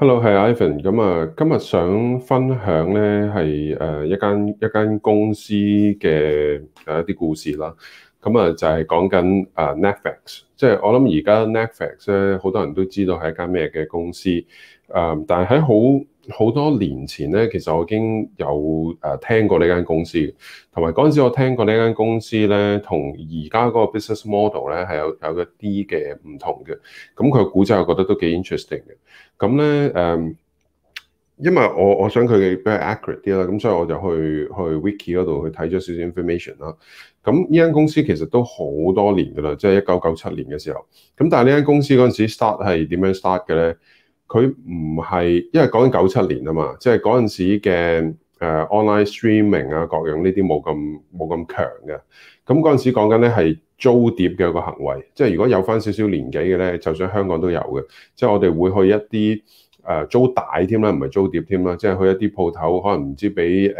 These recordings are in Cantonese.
Hello，係 Ivan，咁啊，今日想分享咧係誒一間一間公司嘅誒一啲故事啦。咁啊就係講緊誒 Netflix，即係我諗而家 Netflix 咧，好多人都知道係一間咩嘅公司誒，但係喺好。好多年前咧，其實我已經有誒聽過呢間公司，同埋嗰陣時我聽過呢間公司咧，同而家嗰個 business model 咧係有有一啲嘅唔同嘅。咁佢嘅故仔，我覺得都幾 interesting 嘅。咁咧誒，因為我我想佢嘅比較 accurate 啲啦，咁所以我就去去 wiki 嗰度去睇咗少少 information 啦。咁呢間公司其實都好多年㗎喇，即係一九九七年嘅時候。咁但係呢間公司嗰陣時 start 係點樣 start 嘅咧？佢唔係，因為講緊九七年啊嘛，即係嗰陣時嘅誒 online streaming 啊，各樣呢啲冇咁冇咁強嘅。咁嗰陣時講緊咧係租碟嘅一個行為，即係如果有返少少年紀嘅咧，就算香港都有嘅，即係我哋會去一啲誒租帶添啦，唔係租碟添啦，即係去一啲鋪頭，可能唔知俾誒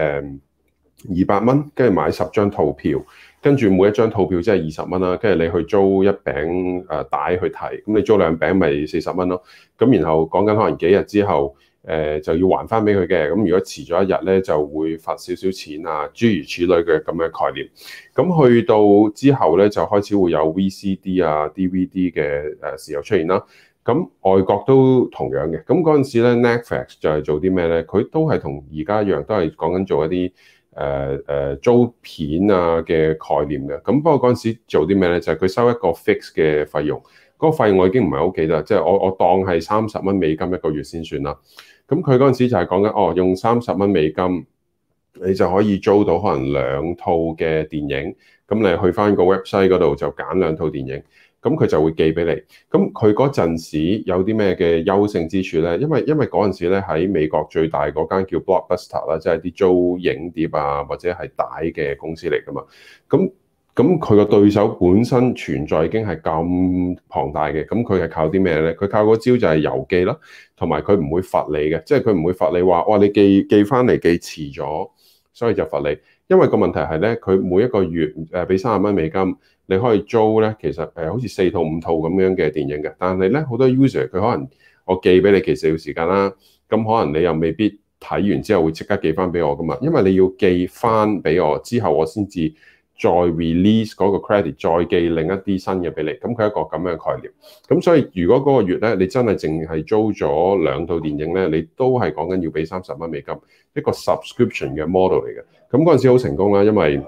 二百蚊，跟住買十張套票。跟住每一張套票即係二十蚊啦，跟住你去租一餅誒帶去睇，咁你租兩餅咪四十蚊咯。咁然後講緊可能幾日之後，誒、呃、就要還翻俾佢嘅。咁如果遲咗一日咧，就會罰少少錢啊，諸如此類嘅咁嘅概念。咁去到之後咧，就開始會有 VCD 啊、DVD 嘅誒時候出現啦。咁外國都同樣嘅。咁嗰陣時咧，Netflix 就係做啲咩咧？佢都係同而家一樣，都係講緊做一啲。誒誒、uh, uh, 租片啊嘅概念嘅，咁不過嗰陣時做啲咩咧？就係、是、佢收一個 fix 嘅費用，嗰、那個費用我已經唔係好記得。即、就、係、是、我我當係三十蚊美金一個月先算啦。咁佢嗰陣時就係講緊，哦，用三十蚊美金，你就可以租到可能兩套嘅電影。咁你去翻個 website 嗰度就揀兩套電影。咁佢就會寄俾你。咁佢嗰陣時有啲咩嘅優勝之處咧？因為因為嗰陣時咧喺美國最大嗰間叫 Blockbuster 啦，即係啲租影碟啊或者係帶嘅公司嚟噶嘛。咁咁佢個對手本身存在已經係咁龐大嘅，咁佢係靠啲咩咧？佢靠嗰招就係郵寄咯，同埋佢唔會罰你嘅，即係佢唔會罰你話哇你寄寄翻嚟寄遲咗，所以就罰你。因為個問題係咧，佢每一個月誒俾三十蚊美金，你可以租咧，其實誒好似四套五套咁樣嘅電影嘅。但係咧好多 user 佢可能我寄俾你寄四個時間啦，咁可能你又未必睇完之後會即刻寄翻俾我噶嘛，因為你要寄翻俾我之後我先至，再 release 嗰個 credit，再寄另一啲新嘅俾你，咁佢一個咁樣嘅概念。咁所以如果嗰個月咧，你真係淨係租咗兩套電影咧，你都係講緊要俾三十蚊美金，一個 subscription 嘅 model 嚟嘅。咁嗰陣時好成功啦，因為誒、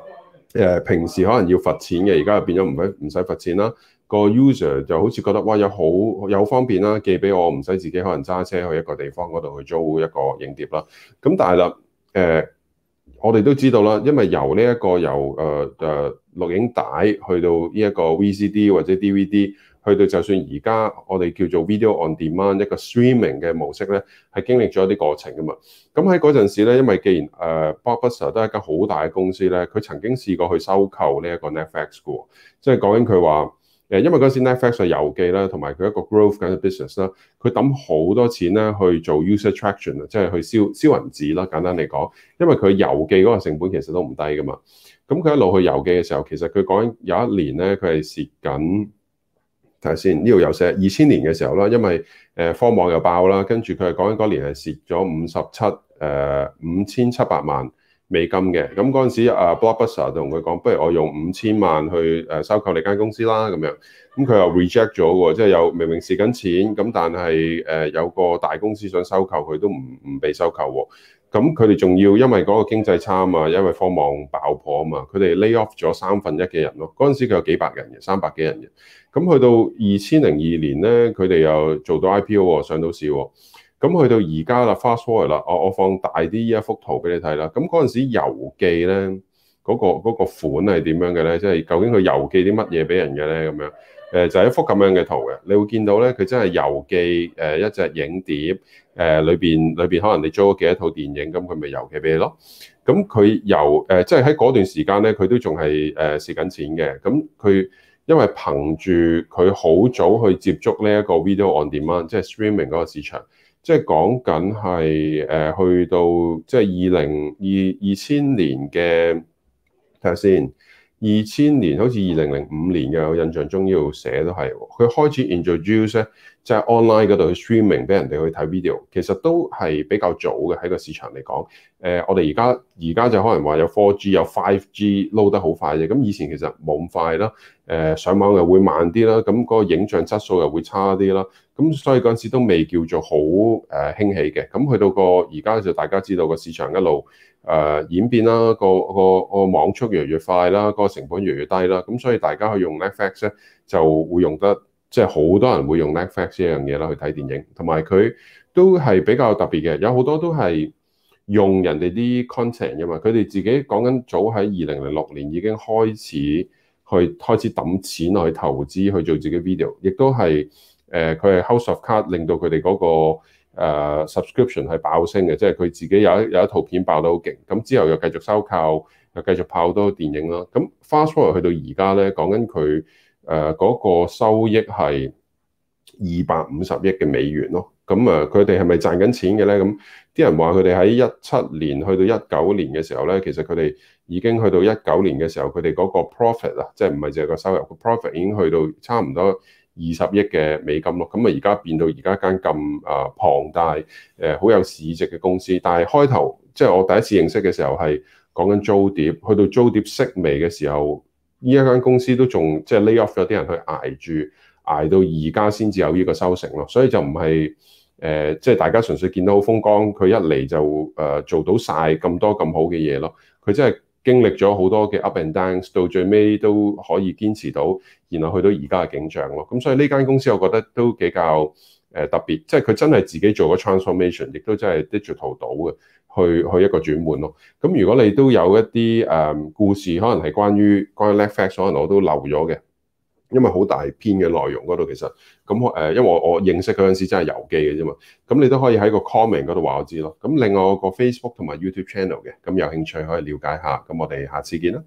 呃、平時可能要罰錢嘅，而家又變咗唔使唔使罰錢啦。個 user 就好似覺得哇，有好有好方便啦，寄俾我唔使自己可能揸車去一個地方嗰度去租一個影碟啦。咁但係啦誒。呃我哋都知道啦，因為由呢、這、一個由誒誒、uh, 錄影帶去到呢一個 VCD 或者 DVD，去到就算而家我哋叫做 video on demand 一個 streaming 嘅模式咧，係經歷咗一啲過程㗎嘛。咁喺嗰陣時咧，因為既然誒、uh, Blockbuster、er、都係間好大嘅公司咧，佢曾經試過去收購呢一個 Netflix 喎，即係講緊佢話。誒，因為嗰陣時 Netflix 係郵寄啦，同埋佢一個 growth 咁嘅 business 啦，佢抌好多錢咧去做 user attraction，即係去燒燒銀紙啦。簡單嚟講，因為佢郵寄嗰個成本其實都唔低噶嘛。咁佢一路去郵寄嘅時候，其實佢講有一年咧，佢係蝕緊。睇下先，呢度有寫二千年嘅時候啦，因為誒科網又爆啦，跟住佢係講緊嗰年係蝕咗五十七誒五千七百萬。美金嘅，咁嗰陣時啊，Blockbuster 同佢講，不如我用五千萬去誒收購你間公司啦，咁樣，咁佢又 reject 咗喎，即係有明明蝕緊錢，咁但係誒有個大公司想收購佢都唔唔被收購喎，咁佢哋仲要因為嗰個經濟差啊嘛，因為科網爆破啊嘛，佢哋 lay off 咗三分一嘅人咯，嗰陣時佢有幾百人嘅，三百幾人嘅，咁去到二千零二年咧，佢哋又做到 IPO 上到市喎。咁去到而家啦，fast forward 啦，我我放大啲依一幅圖俾你睇啦。咁嗰陣時郵寄咧，嗰個嗰個款係點樣嘅咧？即係究竟佢郵寄啲乜嘢俾人嘅咧？咁樣誒就一幅咁樣嘅圖嘅，你會見到咧，佢真係郵寄誒一隻影碟誒，裏邊裏邊可能你租咗幾多套電影，咁佢咪郵寄俾你咯。咁佢郵誒即係喺嗰段時間咧，佢都仲係誒蝕緊錢嘅。咁佢因為憑住佢好早去接觸呢一個 video on demand，即係 streaming 嗰個市場。即係講緊係誒，去到即係二零二二千年嘅睇下先，二千年好似二零零五年嘅，我印象中要寫都係，佢開始 introduce 咧即係 online 嗰度去 streaming 俾人哋去睇 video，其實都係比較早嘅喺個市場嚟講。誒、呃，我哋而家而家就可能話有 four G 有 five G 撈得好快嘅，咁以前其實冇咁快啦。誒、呃，上網又會慢啲啦，咁嗰個影像質素又會差啲啦。咁所以嗰陣時都未叫做好誒、呃、興起嘅。咁去到個而家就大家知道個市場一路誒、呃、演變啦，個個個網速越嚟越快啦，個成本越嚟越低啦。咁所以大家去用 Netflix 咧，就會用得即係好多人會用 Netflix 呢樣嘢啦去睇電影，同埋佢都係比較特別嘅。有好多都係用人哋啲 content 㗎嘛，佢哋自己講緊早喺二零零六年已經開始去開始揼錢去投資去做自己 video，亦都係。誒，佢係 House of Cards 令到佢哋嗰個、uh, subscription 係爆升嘅，即係佢自己有一有一套片爆得好勁，咁之後又繼續收購，又繼續拍好多電影啦。咁 fast forward 去到而家咧，講緊佢誒嗰個收益係二百五十億嘅美元咯。咁啊，佢哋係咪賺緊錢嘅咧？咁啲人話佢哋喺一七年去到一九年嘅時候咧，其實佢哋已經去到一九年嘅時候，佢哋嗰個 profit 啊，即係唔係淨係個收入，個 profit 已經去到差唔多。二十億嘅美金咯，咁啊，而家變到而家間咁啊龐大，誒好有市值嘅公司，但係開頭即係我第一次認識嘅時候係講緊租碟，去到租碟式微嘅時候，呢一間公司都仲即係 lay off 咗啲人去捱住，捱到而家先至有呢個收成咯，所以就唔係誒即係大家純粹見到好風光，佢一嚟就誒做到晒咁多咁好嘅嘢咯，佢真係。經歷咗好多嘅 up and down 到最尾都可以堅持到，然後去到而家嘅景象咯。咁所以呢間公司我覺得都比較誒特別，即係佢真係自己做咗 transformation，亦都真係 digital 到嘅，去去一個轉換咯。咁如果你都有一啲誒故事，可能係關於關於 Netflix，可能我都漏咗嘅。因為好大篇嘅內容嗰度，其實咁誒，因為我我認識嗰陣時，真係郵寄嘅啫嘛。咁你都可以喺個 comment 嗰度話我知囉。咁另外個 Facebook 同埋 YouTube channel 嘅，咁有興趣可以了解下。咁我哋下次見啦。